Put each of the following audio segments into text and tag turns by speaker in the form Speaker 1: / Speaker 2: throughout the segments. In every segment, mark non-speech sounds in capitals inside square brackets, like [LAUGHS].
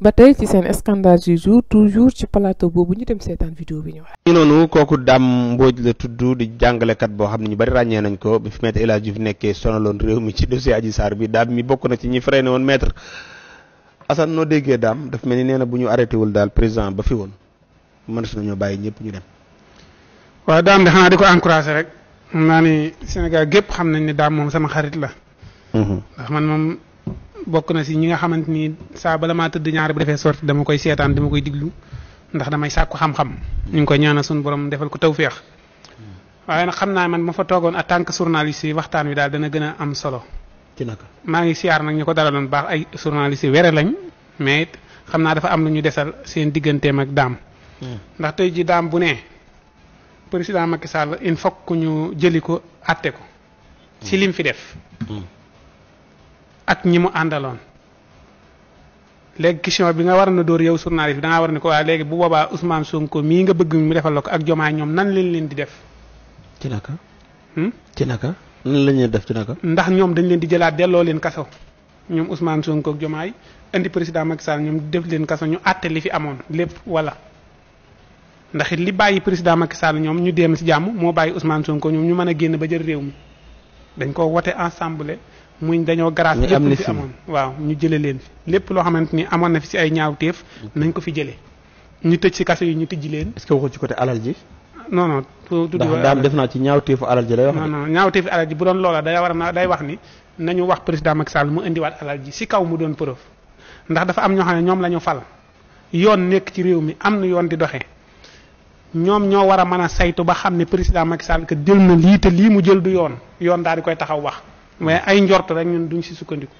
Speaker 1: ba tey ci seen scandale du jour toujours ci plateau boobu ñu dem seetaan vidéo bi ñëwaat. ñu
Speaker 2: noonu kooku Dame Mbodj la tudd di jàngalekat boo xam ne ñu bari ràññee nañ ko bi fi maître El Hadj Diouf nekkee sonaloon réew mi ci dossier Adji Sarr bi Dame mi bokk na ci ñi freiné woon maître Assane noo déggee daam daf mel ni nee na bu ñu arrêté wul daal président ba fi woon mënees nañoo bàyyi ñëpp ñu dem. waaw Dame de xanaa di ko encouragé rek xam naa ni Sénégal gépp xam nañ ne daam moom sama xarit la. Mhm. ndax man moom bokk na si ñi nga xamante ni saa bala maa tëdd ñaar bu defee sorti dama koy seetaan dama koy diglu ndax damay sàkku xam-xam. ñu ngi koy ñaanal suñu borom defal ko feex waaye nag xam naa man ma fa toogoon en tant que journaliste yi waxtaan wi daal dana gën a am solo. ci naka maa ngi siyaar nag ñu ko dalaloon baax ay journaliste yi were lañ mais xam naa dafa am lu ñu desal seen digganteem ak daam. Mhm. président Macky Sall il faut que ñu jëli ko atté ko ci lim fi def hmm. ak ñimu andalon légui question bi nga war na door yow journaliste da nga war ni ko waa bu boba Ousmane Sonko mi nga bëgg mu defal ak joma ñom nan leen leen di def ci naka hmm? ci naka nan lañu def ci naka ndax ñom dañ leen di jëlat delo leen kaso ñom Ousmane Sonko ak jomaay andi président Macky Sall ñom def leen kaso ñu atté li fi amone lepp wala ndax li bàyyi président Macky Sall ñoom ñu dem si jàmm moo bàyyi Ousmane Sonko ñoom ñu mën a génn ba jël réew mi dañ ko wote ensemble muñ dañoo grâce yépp fi amoon waaw ñu jële leen fi lépp loo xamante ni amoon na fi si ay ñaaw teef nañ ko fi jële ñu tëj si kaso yi ñu tijji leen est ce que waxul ci côté alal ji non non tudd daam def naa ci ñaaw ñaawteefu alal ji lay wax non non ñaaw ñaawteefu alal ji bu doon loola day war na day wax ni nañu wax président Macky Sall mu indiwaat alal ji si kaw mu doon preuve ndax dafa am ñoo xam ne ñoom la ñu fal yoon nekk ci réew mi am na yoon di doxee ñoom ñoo war a mën a saytu ba xam ne président Macky Sall que jël na lii te lii mu jël du yoon yoon daal di koy taxaw wax mais ay njort rek ñun duñ si sukkandiku.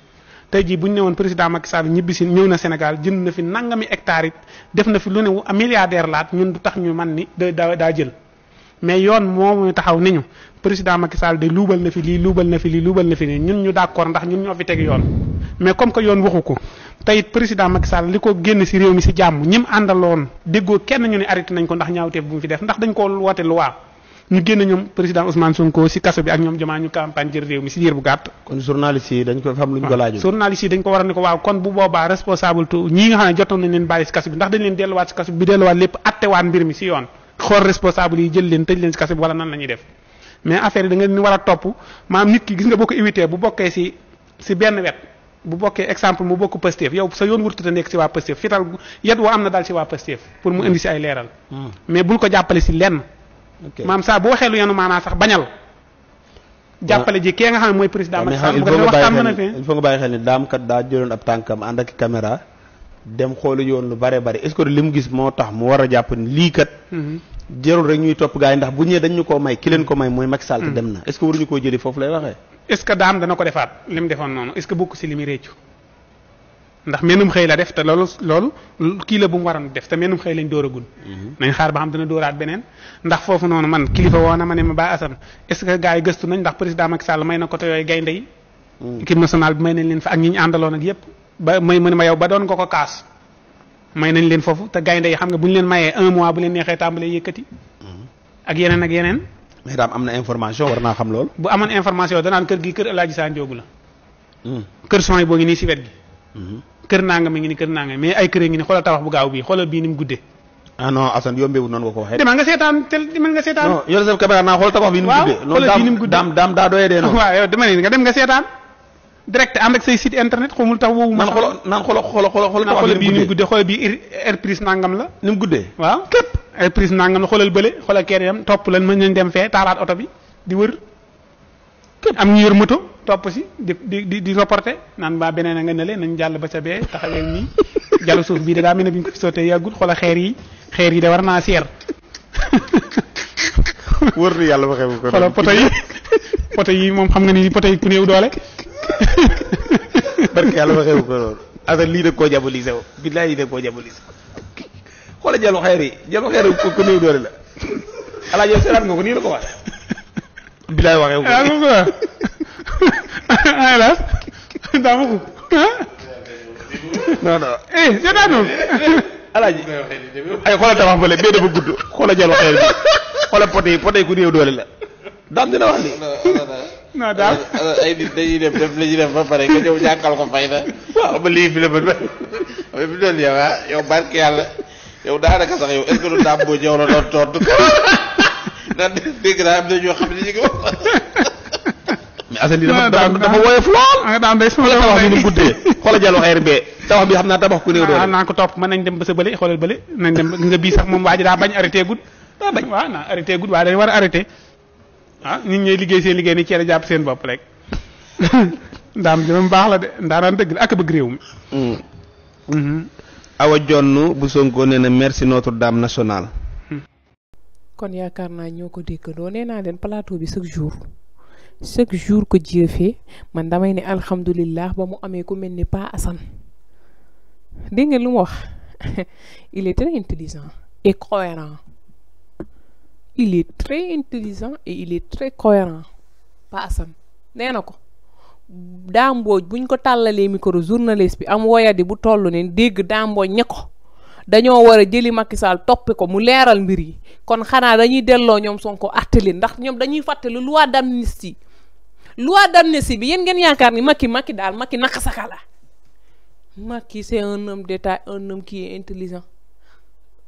Speaker 2: te jii bu ñu ne woon président Macky Sall ñibbi si ñëw na Sénégal jënd na fi nangami hectares it def na fi lu ne milliardaire laat ñun du tax ñu man ni da daa jël. mais yoon moomu taxaw niñu président Macky Sall de luubal na fi lii luubal na fi lii luubal na fi nii ñun ñu d'accord ndax ñun ñoo fi teg yoon mais comme que yoon waxu ko tey président Macky Sall li ko génn si réew mi si jàmm ñim àndaloon déggoo kenn ñu ne arrêté nañ ko ndax ñaawte bu mu fi def ndax dañ ko woote loi ñu génn ñoom président Ousmane Sonko si kasso bi ak ñoom jamaa ñu campagne jër réew mi si yër bu gàtt kon journaliste yi dañ ko xam luñ ko laaju journaliste yi dañ ko war ne ko waaw kon bu boobaa responsable tu ñi nga xam ne jotoon nañ leen bàyyi si kasso bi ndax dañ leen delluwaat si kasso bi delluwaat lépp attewaan mbir mi si yoon xor responsable yi jël leen tej leen ci kasse wala nan la def mais affaire yi da nga ni wara top topp nit ki gis nga boko ko éviter bu bokkee ci ci benn wet bu bokkee exemple mu bokk Pastef yow sa yoon wurtute nek ci wa Pastef fital yet wo amna dal ci wa waa Pastef pour mu hmm. indi ci ay léral hmm. mais bul ko jappalé ci lenn maam bo waxé lu yanu maanaa sax bañal ah. jappalé ji kee nga xam moy président ah, ma Sall bu ko waxtaan mën fi il faut nga baye xel ni dam kat da jëlone ab tankam ànd ak caméra dem xoolu yoon lu bare bare est-ce que li mu gis moo tax mu war a jàpp ni lii kat mhm. jarul rek ñuy topp gars ndax bu ñëwee dañ ñu ko may ki leen ko may mooy Macky Sall te mhm. dem na est-ce que waruñu koo jëli foofu lay waxee est-ce que daam dana ko defaat li mu defoon noonu est xëy la def te loolu loolu kii la bu mu def te mennum xëy lañ dóoragul mhm. nañ xaar ba xam dina dóoraat beneen ndax foofu noonu man kilifa woo na ma ne ma baa asam est-ce gëstu nañ ndax président Macky Sall may na ko te yooyu gaynde yi mm. équipe nationale bi may nañ leen fa ak ñi ñu àndaloon ak yépp ba may mën ma yow ba doon ko ko kaas may nañ leen fofu te gaynde yi xam nga buñ leen mayé un mois bu leen nexé tambalé yëkëti mm-hmm. ak yenen ak yenen mais daam amna information warna xam lool bu amone information da naan kër gi kër Aladji Sane Diogu la mm. kër soñ bo ngi ni ci wét gi mm-hmm. kër nanga mi ngi ni kër nanga mais ay kër ngi ni xolal tabax bu gaaw bi xolal bi nim guddé ah non asan yombé wu non nga ko waxé demal nga sétan tel demal nga sétan non yoro sa caméra na xol tabax bi nim guddé non dam dam da doyé dé non waaw yow demal nga dem nga sétan direct and ak say site internet xamul taw wowu man xolo nan xolo xolo xolo xolo xolo bi ni guddé xolo bi air prise nangam la nim guddé waaw kep air prise nangam la xolal beulé xolal kër top lan man ñu dem fé talat auto bi di wër kep am ñu yor moto top ci di di di reporté nan ba benen nga nelé nañ jall ba ca bé taxawé ni [LAUGHS] jallu suuf bi da nga mëna biñ ko fi sauté yagul xolo xéer yi xéer yi da warna sër wër ni yalla waxé ko xolo poto yi [LAUGHS] poto yi mom xam nga ni poto yi ku neew doole [LAUGHS] barke yàlla waxewu ko loolu asan lii da koo diabolisé wu billaay lii da koo diabolisé xoola jalu xeer yi jalu xeer ko doole la alaaji yow seetaan nga ko nii la ko wax billaay waxewu ko ah, ah, ah. eh, ay ku néew doole la daam dina wax ni non daal euh, euh, ay nit dañuy def def li ñuy ba pare nga ñëw jàngal ko fay na waaw ba lii fi ba ba fi doon ah, yow barke yàlla yow daanaka sax yow est-ce que du daam boo ñëw la doon tontu [LAUGHS] ndax dégg naa am na ñoo xam ne ñu ngi wax. mais Assane lii dafa bi ni guddee xoolal jàllu xeer ah, ko topp mën nañ dem ba sa bële xoolal bële nañ dem bii sax moom waa daa bañ arrêté gudd. daa bañ waaw naa arrêté gudd waaye dañu war a ah nit ñooy liggéey seen liggéey ni ceele jàpp seen bopp rek [LAUGHS] ndaam jëmam baax la de ndaanaan dëgg la ak bëgg réew mi mm. mm-hmm. awa jonn bu Sonko nee na merci Notre Dame nationale mm.
Speaker 1: kon yaakaar naa ñoo ko déggandoo nee leen plateau bi chaque jour chaque jour ko jëfee man damay ne alhamdulilah ba mu amee ku mel ni Pa Assane dégg lu mu wax [LAUGHS] il est très intelligent et il est très intelligent et il est très cohérent Pa Assane nee na ko daa buñ ko tàllalee micro journaliste bi am woyadi bu toll ne dégg daa mbooj ko dañoo war a jëli Macky Sall toppi ko mu leeral mbir yi kon xanaa dañuy delloo ñoom Sonko àtte leen ndax ñoom dañuy fàttali loi d'amnistie loi d'amnistie bi yéen ngeen yaakaar ni Macky Macky daal Macky naka saka la Macky c'est un homme d'état intelligent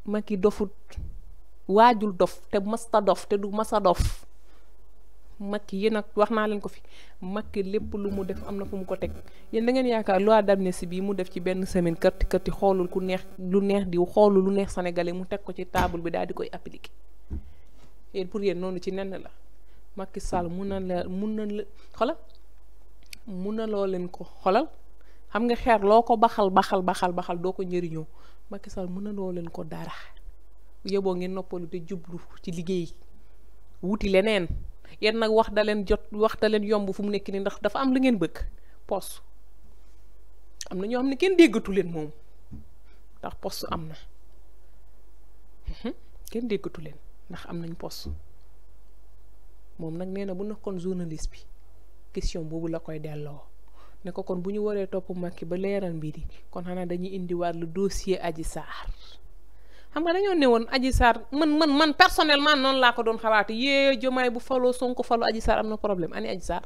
Speaker 1: Macky dofut wajul dof te masta dof te du masa dof mak yi nak waxna len ko fi Macky lepp lu mu def amna fu mu ko tek yeen da ngeen yaakaar loi d'amnesty bi mu def ci benn semaine kerti kerti xolul ku neex lu neex di xolul lu neex sénégalais mu tek ko ci table bi dal di koy appliquer yéen pour yeen nonu ci nenn la mak Sall mu na la mu na la xola mu na loo len ko xolal xam nga xeer loo ko baxal baxal baxal baxal doo ko njëriñoo Macky Sall na loo len ko dara yobo ngeen noppalu te jublu ci liggéey wuti leneen yéen nak wax dalen jot wax dalen yomb fu mu nek ni ndax dafa am lu ngeen bëgg pos amna na ñoo xam ne kenn déggatu leen moom ndax pos amna na mhm. kenn déggatu leen ndax am nañ pos mom nak neena bu nekkon journaliste bi question bobu la koy delloo ne ko kon buñu waré top makki ba kon xana dañuy le dossier Adji sar xam nga dañu newon aji sar man man man personnellement non la ko don xalaati ye jomay bu follow Sonko follow aji sar, amna problème ani aji sar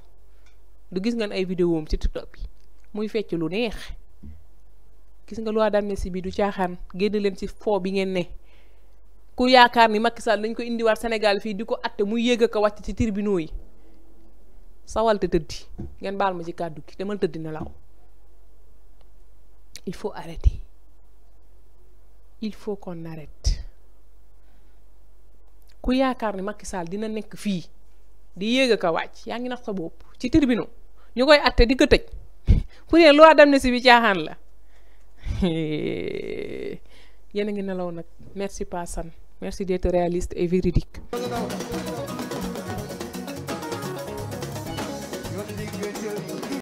Speaker 1: du gis ngeen ay vidéo am ci TikTok bi muy fecc lu neex gis nga loi d'amnistie bi du caaxaan génn leen ci fo bi ngeen ne ku yaakar ni Macky Sall dañ ko war Sénégal fi diko ko atte muy yéeg ko wacc ci tribunaux yi sawal te teddi ngeen bal ma ci kàddu ki demal na law il faut arrêter il faut qu'on arrête ku yaakaar ne Macky Sall dina nekk fii di yéeg ak a wàcc yaa ngi nax sa bopp ci tribunal ñu koy atte di ko tëj [LAUGHS] pour yéen loi d'amnistie bi caaxaan la [LAUGHS] yéen a ngi nelaw nag merci Pa Assane merci d'être réaliste et véridique